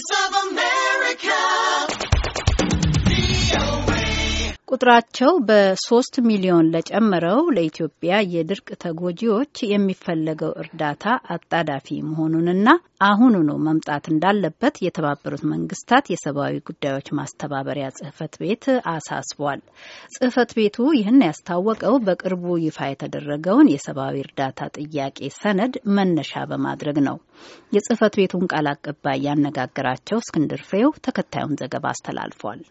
voice of ቁጥራቸው በሶስት ሚሊዮን ለጨመረው ለኢትዮጵያ የድርቅ ተጎጂዎች የሚፈለገው እርዳታ አጣዳፊ መሆኑንና አሁኑኑ መምጣት እንዳለበት የተባበሩት መንግስታት የሰብአዊ ጉዳዮች ማስተባበሪያ ጽህፈት ቤት አሳስቧል። ጽህፈት ቤቱ ይህን ያስታወቀው በቅርቡ ይፋ የተደረገውን የሰብአዊ እርዳታ ጥያቄ ሰነድ መነሻ በማድረግ ነው። የጽህፈት ቤቱን ቃል አቀባይ ያነጋገራቸው እስክንድር ፍሬው ተከታዩን ዘገባ አስተላልፏል።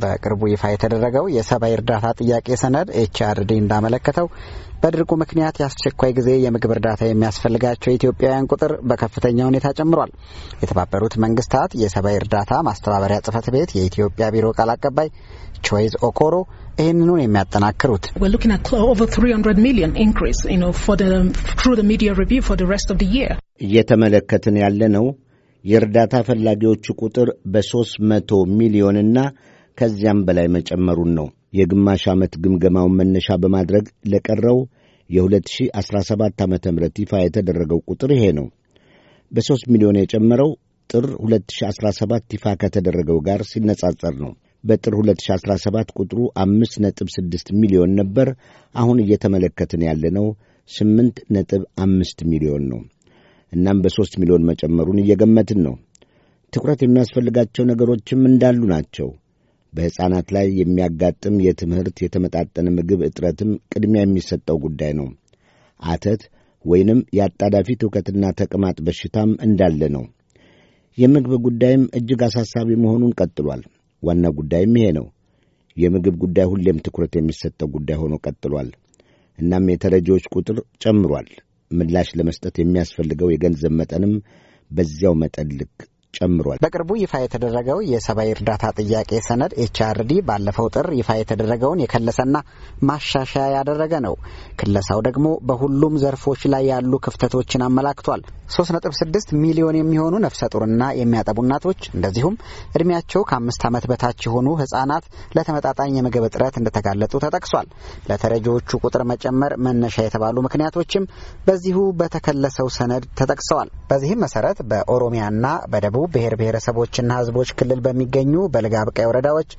በቅርቡ ይፋ የተደረገው የሰብአዊ እርዳታ ጥያቄ ሰነድ ኤችአርዲ እንዳመለከተው በድርቁ ምክንያት የአስቸኳይ ጊዜ የምግብ እርዳታ የሚያስፈልጋቸው ኢትዮጵያውያን ቁጥር በከፍተኛ ሁኔታ ጨምሯል። የተባበሩት መንግስታት የሰብአዊ እርዳታ ማስተባበሪያ ጽህፈት ቤት የኢትዮጵያ ቢሮ ቃል አቀባይ ቾይዝ ኦኮሮ ይህንኑ የሚያጠናክሩት እየተመለከትን ያለ ነው የእርዳታ ፈላጊዎቹ ቁጥር በሦስት መቶ ሚሊዮንና ከዚያም በላይ መጨመሩን ነው የግማሽ ዓመት ግምገማውን መነሻ በማድረግ ለቀረው የ2017 ዓ ም ይፋ የተደረገው ቁጥር ይሄ ነው። በ በ3 ሚሊዮን የጨመረው ጥር 2017 ይፋ ከተደረገው ጋር ሲነጻጸር ነው። በጥር 2017 ቁጥሩ 5.6 ሚሊዮን ነበር። አሁን እየተመለከትን ያለነው 8.5 ሚሊዮን ነው። እናም በሦስት ሚሊዮን መጨመሩን እየገመትን ነው። ትኩረት የሚያስፈልጋቸው ነገሮችም እንዳሉ ናቸው። በሕፃናት ላይ የሚያጋጥም የትምህርት የተመጣጠነ ምግብ እጥረትም ቅድሚያ የሚሰጠው ጉዳይ ነው። አተት ወይንም የአጣዳፊ ትውከትና ተቅማጥ በሽታም እንዳለ ነው። የምግብ ጉዳይም እጅግ አሳሳቢ መሆኑን ቀጥሏል። ዋና ጉዳይም ይሄ ነው። የምግብ ጉዳይ ሁሌም ትኩረት የሚሰጠው ጉዳይ ሆኖ ቀጥሏል። እናም የተረጂዎች ቁጥር ጨምሯል። ምላሽ ለመስጠት የሚያስፈልገው የገንዘብ መጠንም በዚያው መጠን ልክ ጨምሯል። በቅርቡ ይፋ የተደረገው የሰብአዊ እርዳታ ጥያቄ ሰነድ ኤችአርዲ ባለፈው ጥር ይፋ የተደረገውን የከለሰና ማሻሻያ ያደረገ ነው። ክለሳው ደግሞ በሁሉም ዘርፎች ላይ ያሉ ክፍተቶችን አመላክቷል። 3.6 ሚሊዮን የሚሆኑ ነፍሰ ጡርና የሚያጠቡ እናቶች እንደዚሁም እድሜያቸው ከአምስት ዓመት በታች የሆኑ ህጻናት ለተመጣጣኝ የምግብ እጥረት እንደተጋለጡ ተጠቅሷል። ለተረጂዎቹ ቁጥር መጨመር መነሻ የተባሉ ምክንያቶችም በዚሁ በተከለሰው ሰነድ ተጠቅሰዋል። በዚህም መሰረት በኦሮሚያና በደቡብ ብሔር ብሔረሰቦችና ሕዝቦች ክልል በሚገኙ በልጋብቃይ ወረዳዎች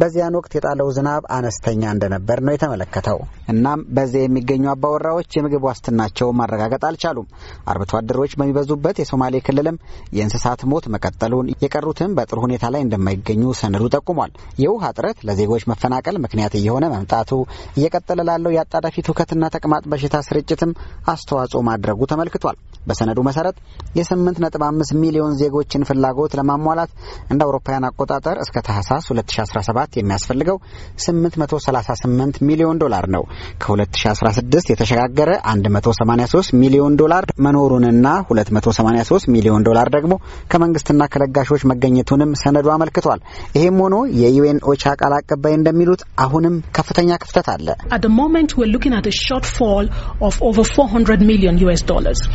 በዚያን ወቅት የጣለው ዝናብ አነስተኛ እንደነበር ነው የተመለከተው። እናም በዚያ የሚገኙ አባወራዎች የምግብ ዋስትናቸውን ማረጋገጥ አልቻሉም። አርብቶ አደሮች በሚበዙበት የሶማሌ ክልልም የእንስሳት ሞት መቀጠሉን፣ የቀሩትም በጥሩ ሁኔታ ላይ እንደማይገኙ ሰነዱ ጠቁሟል። የውሃ እጥረት ለዜጎች መፈናቀል ምክንያት እየሆነ መምጣቱ እየቀጠለ ላለው የአጣዳፊ ትውከትና ተቅማጥ በሽታ ስርጭትም አስተዋጽኦ ማድረጉ ተመልክቷል። በሰነዱ መሰረት የ8.5 ሚሊዮን ዜጎችን የመንግስትን ፍላጎት ለማሟላት እንደ አውሮፓውያን አቆጣጠር እስከ ታህሳስ 2017 የሚያስፈልገው 838 ሚሊዮን ዶላር ነው። ከ2016 የተሸጋገረ 183 ሚሊዮን ዶላር መኖሩንና 283 ሚሊዮን ዶላር ደግሞ ከመንግስትና ከለጋሾች መገኘቱንም ሰነዱ አመልክቷል። ይህም ሆኖ የዩኤን ኦቻ ቃል አቀባይ እንደሚሉት አሁንም ከፍተኛ ክፍተት አለ።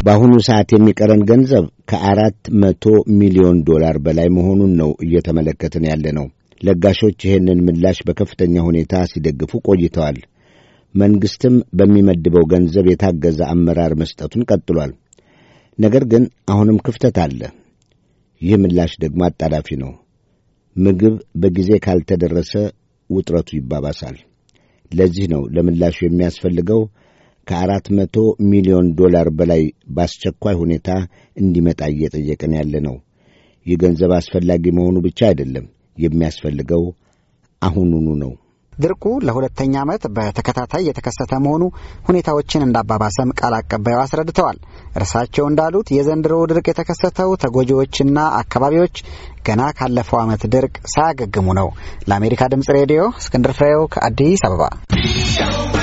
በአሁኑ ሰዓት የሚቀረን ገንዘብ ከአራት መቶ ሚሊዮን ዶላር በላይ መሆኑን ነው እየተመለከትን ያለ ነው። ለጋሾች ይህንን ምላሽ በከፍተኛ ሁኔታ ሲደግፉ ቆይተዋል። መንግሥትም በሚመድበው ገንዘብ የታገዘ አመራር መስጠቱን ቀጥሏል። ነገር ግን አሁንም ክፍተት አለ። ይህ ምላሽ ደግሞ አጣዳፊ ነው። ምግብ በጊዜ ካልተደረሰ ውጥረቱ ይባባሳል። ለዚህ ነው ለምላሹ የሚያስፈልገው ከአራት መቶ ሚሊዮን ዶላር በላይ በአስቸኳይ ሁኔታ እንዲመጣ እየጠየቅን ያለ ነው። ይህ ገንዘብ አስፈላጊ መሆኑ ብቻ አይደለም፣ የሚያስፈልገው አሁኑኑ ነው። ድርቁ ለሁለተኛ ዓመት በተከታታይ የተከሰተ መሆኑ ሁኔታዎችን እንዳባባሰም ቃል አቀባዩ አስረድተዋል። እርሳቸው እንዳሉት የዘንድሮ ድርቅ የተከሰተው ተጎጂዎችና አካባቢዎች ገና ካለፈው ዓመት ድርቅ ሳያገግሙ ነው። ለአሜሪካ ድምፅ ሬዲዮ እስክንድር ፍሬው ከአዲስ አበባ